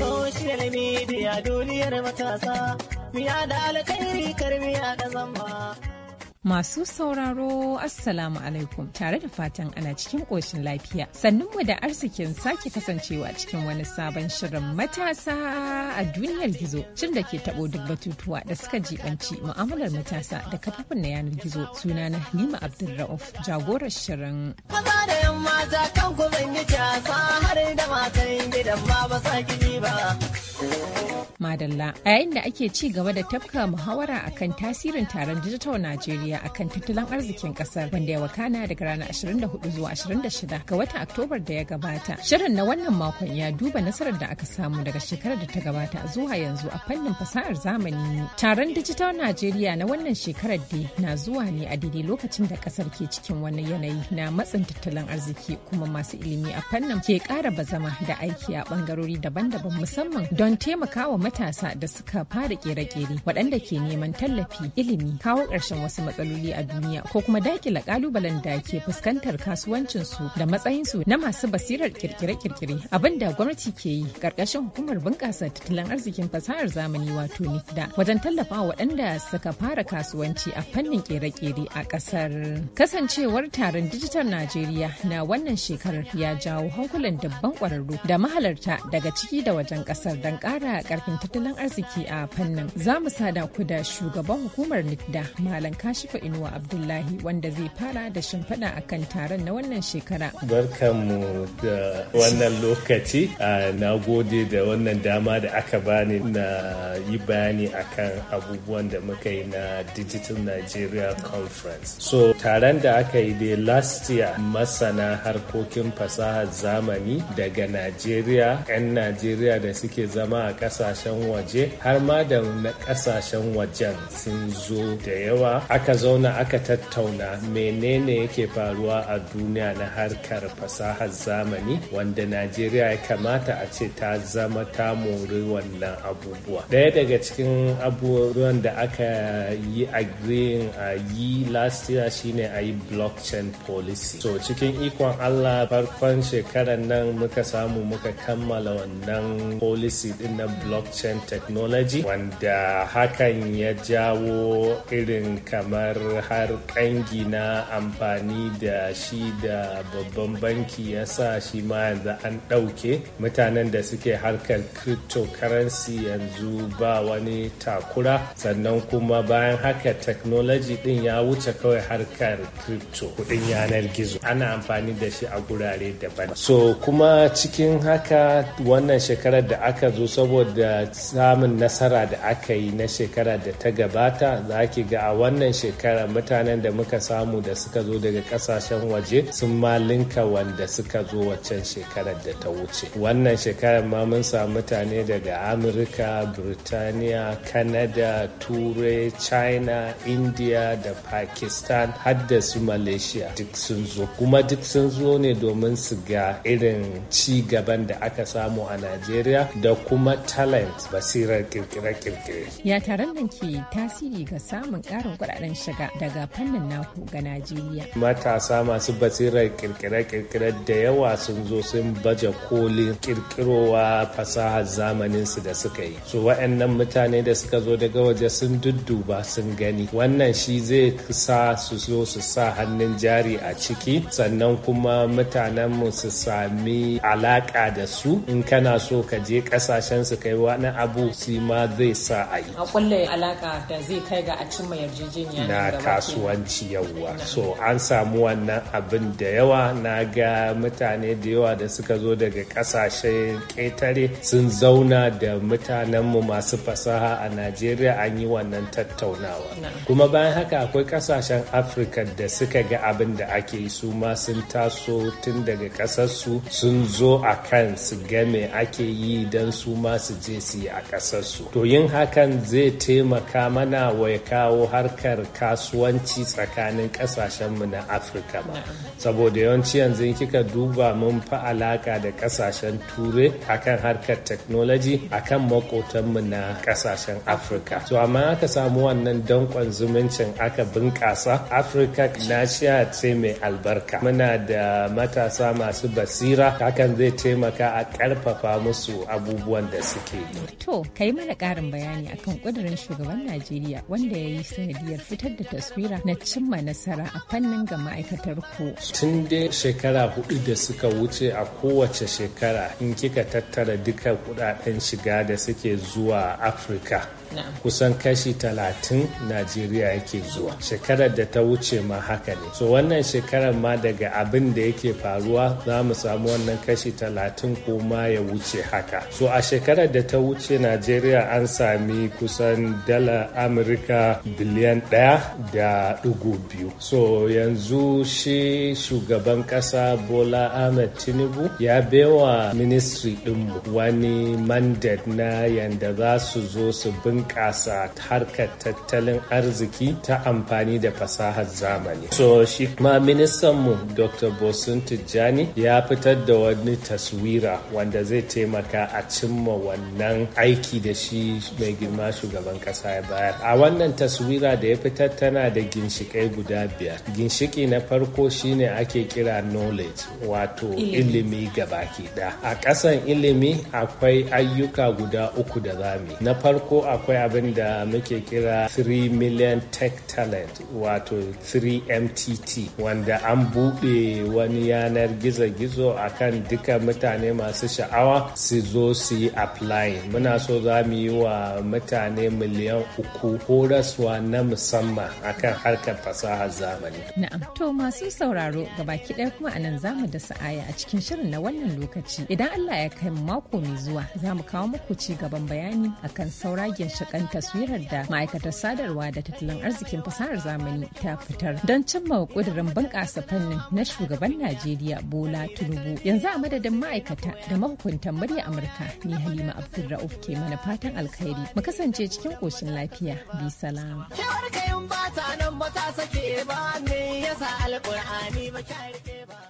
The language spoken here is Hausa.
Social media duniyar matasa, miya da alkhairi karmiya da zamba. Masu sauraro Assalamu alaikum tare da fatan ana cikin ƙoshin lafiya. Sannunmu da arzikin sake kasancewa cikin wani sabon shirin matasa a duniyar gizo. Cinda da ke taɓo duk batutuwa da suka jibanci mu'amalar matasa da kafafin na yanar gizo. suna na Halima Abdulra'uf jagorar shirin. da yan ta kan ku zan yi casa har da matan gidan ma ba sa ba. Madalla. A yayin da ake ci gaba da tafka muhawara akan tasirin taron Digital Najeriya akan tattalin arzikin kasar wanda ya wakana daga ranar 24 zuwa 26 ga watan Oktobar da ya gabata. Shirin na wannan makon ya duba nasarar da aka samu daga shekarar da ta gabata zuwa yanzu a fannin fasahar zamani. Taron Digital Najeriya na wannan shekarar dai na zuwa ne a daidai lokacin da kasar ke cikin wani yanayi na matsin tattalin arziki kuma masu ilimi a fannin ke kara bazama da aiki a bangarori daban-daban musamman don taimakawa matasa da suka fara kere-kere waɗanda ke neman tallafi ilimi kawo ƙarshen wasu matsaloli a duniya ko kuma dakila ƙalubalen da ke fuskantar kasuwancinsu da matsayinsu na masu basirar kirkire-kirkire abin da gwamnati ke yi ƙarƙashin hukumar bunƙasa tattalin arzikin fasahar zamani wato nifda wajen tallafa waɗanda suka fara kasuwanci a fannin kere-kere a ƙasar kasancewar taron dijital najeriya na wannan shekarar ya jawo hankulan dabban ƙwararru da mahalarta daga ciki da wajen ƙasar don ƙara ƙarfin tattalin arziki a fannin za mu sada ku da shugaban hukumar nidda malam kashifa inuwa abdullahi wanda zai fara da shimfiɗa kan taron na wannan shekara barkanmu da wannan lokaci na gode da wannan dama da aka bani na yi bayani akan abubuwan da muka yi na digital nigeria conference so taron da aka yi dai last year masana harkokin fasahar zamani daga nigeria 'yan nigeria da suke zama a kasashen kasashen waje har ma da na kasashen wajen sun zo da yawa aka zauna aka tattauna menene yake faruwa a duniya na harkar fasahar zamani wanda najeriya ya kamata a ce ta zama ta mori wannan abubuwa daya daga cikin abubuwan da aka yi agreeing a yi last year shine a yi blockchain policy so cikin ikon allah farkon shekarar nan muka samu muka kammala wannan policy din na blockchain blockchain technology wanda hakan ya jawo irin kamar har kangi na amfani da shi da babban banki ya sa shi ma yanzu an ɗauke mutanen da suke harkar cryptocurrency yanzu ba wani takura sannan kuma bayan haka technology din ya wuce kawai harkar crypto kudin yanar gizo ana amfani da shi a gurare daban so kuma cikin haka wannan shekarar da aka zo saboda samun nasara da aka yi na shekara da ta gabata za ki ga a wannan shekara mutanen da muka samu da suka zo daga kasashen waje sun malinka wanda suka zo waccan shekarar da ta wuce wannan shekarar ma mun samu mutane daga amurka birtaniya Kanada, turai china india da pakistan har da su malaysia duk sun zo kuma duk sun zo ne domin su ga irin ci gaban da aka samu a najeriya da kuma talent talent basirar kirkire-kirkire. Ya taron nan ke tasiri ga samun ƙarin kuɗaɗen shiga daga fannin naku ga Najeriya. Matasa masu basirar kirkire-kirkire da yawa sun zo sun baje kolin kirkirowa fasahar zamanin su da suka yi. Su wa'annan mutane da suka zo daga waje sun dudduba sun gani. Wannan shi zai sa su zo su sa hannun jari a ciki sannan kuma mutanenmu su sami alaƙa da su in kana so ka je ƙasashen su kai na abu shi ma zai sa a yi a kulle alaka da zai kai ga a cimma yarjejeniya na kasuwanci yawwa so an samu wannan abin da yawa na ga mutane da yawa da suka zo daga kasashen ƙetare sun zauna da mutanenmu masu fasaha a najeriya an yi wannan tattaunawa kuma bayan haka akwai kasashen afirka da suka ga abin da ake yi su ma sun taso tun daga ƙasarsu sun zo a kan su game ake yi don su ma su je su a ƙasarsu to yin hakan zai taimaka mana wa kawo harkar kasuwanci tsakanin mu na afirka ba saboda yawanci yanzu kika duba mun fi alaƙa da ƙasashen turai akan harkar technology akan mu na ƙasashen afirka to amma aka samu wannan dankon zumuncin aka bunƙasa afirka shiya ce mai albarka muna da matasa masu basira hakan zai taimaka a ƙarfafa musu abubuwan da suke yi To, ka yi mana ƙarin bayani akan ƙudurin shugaban Najeriya wanda ya yi sanadiyar fitar da taswira na cimma nasara a fannin ga ma'aikatar ku. Tun dai shekara hudu da suka wuce a kowace shekara in kika tattara duka kudaden shiga da suke zuwa Afirka. Kusan kashi talatin Najeriya yake zuwa. Shekarar da ta wuce ma haka ne. So wannan shekarar ma daga abin da yake faruwa za mu samu wannan kashi talatin ko ma ya wuce haka. So a shekarar da ta wuce wuce najeriya an sami kusan dala amurka biliyan ɗaya da ɗigo biyu so yanzu shi shugaban ƙasa bola ahmed tinubu ya bewa ministry ɗinmu wani mandate na yanda za su zo su bunƙasa harkar tattalin arziki ta amfani da fasahar zamani so shi ma ministan mu dr bosun tijjani ya fitar da wani taswira wanda zai taimaka a cimma wannan aiki da shi mai girma shugaban kasa ya bayar a wannan taswira da ya fitar tana da ginshikai guda biyar ginshiki na farko shine ake kira knowledge wato ilimi gabaki da a kasan ilimi akwai ayyuka guda uku da zami na farko akwai abin da muke kira 3 million tech talent wato 3mtt wanda an buɗe wani yanar gizo-gizo akan duka mutane masu sha'awa su zo su yi applying muna so za mu yi wa mutane miliyan uku horaswa na musamman a kan harkar fasaha zamani. Na'am, to masu sauraro gabaki ɗaya kuma anan za mu da sa'aya a cikin shirin na wannan lokaci. Idan Allah ya kai mako mai zuwa za mu kawo muku ci gaban bayani akan sauragen shakan taswirar da ma'aikatar sadarwa da tattalin arzikin fasahar zamani ta fitar don cimma ƙudurin bunƙasa fannin na shugaban Najeriya Bola Tinubu. Yanzu a madadin ma'aikata da mahukuntan murya Amurka ni Halima Abdul Rauf ke mana fatan alkhairi mu kasance cikin koshin lafiya bi salama. Kewar kayan ba ta nan ba ta sake ba me yasa alkur'ani ba ta rike ba.